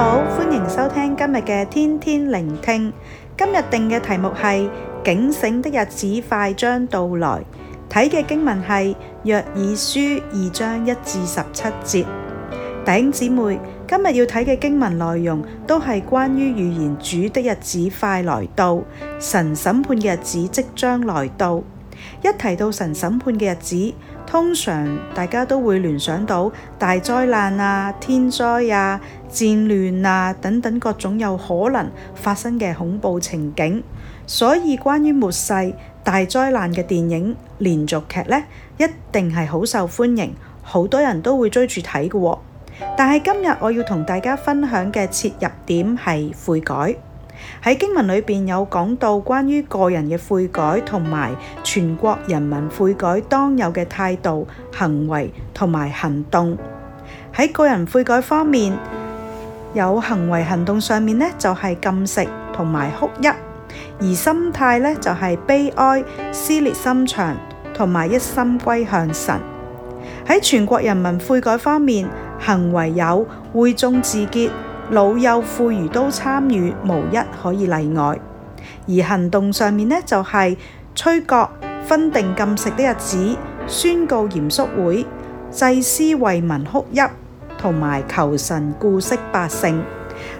好，歡迎收聽今日嘅天天聆聽。今日定嘅題目係警醒的日子快將到來，睇嘅經文係約珥書二章一至十七節。弟兄姊妹，今日要睇嘅經文內容都係關於預言主的日子快來到，神審判嘅日子即將來到。一提到神審判嘅日子，通常大家都會聯想到大災難啊、天災啊、戰亂啊等等各種有可能發生嘅恐怖情景。所以關於末世、大災難嘅電影、連續劇呢，一定係好受歡迎，好多人都會追住睇嘅喎。但係今日我要同大家分享嘅切入點係悔改。喺經文裏面有講到關於個人嘅悔改同埋全國人民悔改當有嘅態度、行為同埋行動。喺個人悔改方面，有行為行動上面呢就係禁食同埋哭泣，而心態呢就係悲哀、撕裂心腸同埋一心歸向神。喺全國人民悔改方面，行為有會眾自潔。老幼婦孺都參與，無一可以例外。而行動上面，就、呢、是，就係吹角、分定禁食的日子、宣告嚴肅會、祭司為民哭泣同埋求神顧惜百姓。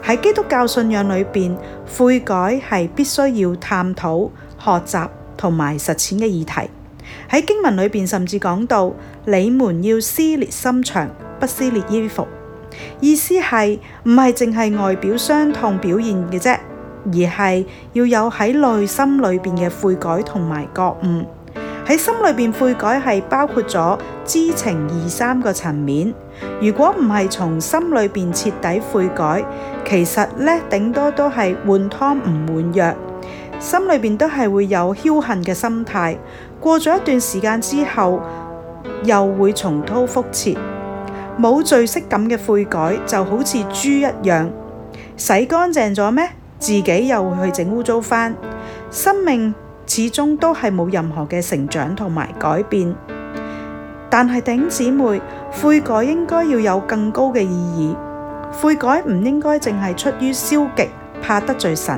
喺基督教信仰裏邊，悔改係必須要探討、學習同埋實踐嘅議題。喺經文裏邊，甚至講到你們要撕裂心腸，不撕裂衣服。意思係唔係淨係外表傷痛表現嘅啫，而係要有喺內心裏邊嘅悔改同埋覺悟。喺心裏邊悔改係包括咗知情意三個層面。如果唔係從心裏邊徹底悔改，其實咧頂多都係換湯唔換藥，心裏邊都係會有僥倖嘅心態。過咗一段時間之後，又會重蹈覆轍。冇罪識感嘅悔改，就好似豬一樣，洗乾淨咗咩？自己又會去整污糟返。生命始終都係冇任何嘅成長同埋改變。但係頂姊妹，悔改應該要有更高嘅意義。悔改唔應該淨係出於消極，怕得罪神，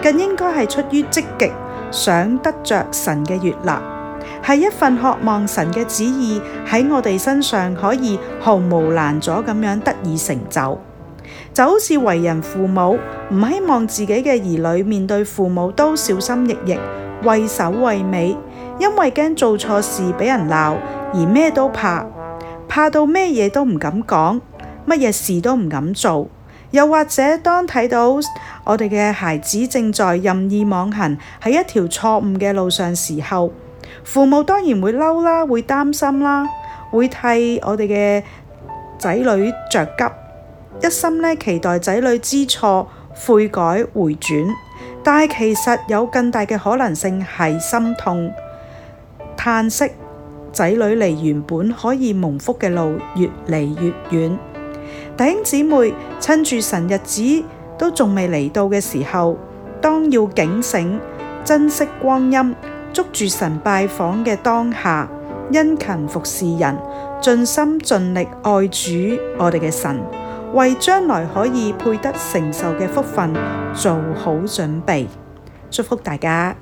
更應該係出於積極，想得着神嘅悅納。係一份渴望神嘅旨意喺我哋身上可以毫無攔阻咁樣得以成就，就好似為人父母唔希望自己嘅兒女面對父母都小心翼翼、畏首畏尾，因為驚做錯事俾人鬧而咩都怕，怕到咩嘢都唔敢講，乜嘢事都唔敢做，又或者當睇到我哋嘅孩子正在任意妄行，喺一條錯誤嘅路上時候。父母當然會嬲啦，會擔心啦，會替我哋嘅仔女着急，一心咧期待仔女知錯、悔改、回轉。但係其實有更大嘅可能性係心痛、嘆息，仔女離原本可以蒙福嘅路越嚟越遠。弟兄姊妹，趁住神日子都仲未嚟到嘅時候，當要警醒，珍惜光陰。捉住神拜訪嘅當下，殷勤服事人，盡心盡力愛主，我哋嘅神，為將來可以配得承受嘅福分做好準備。祝福大家。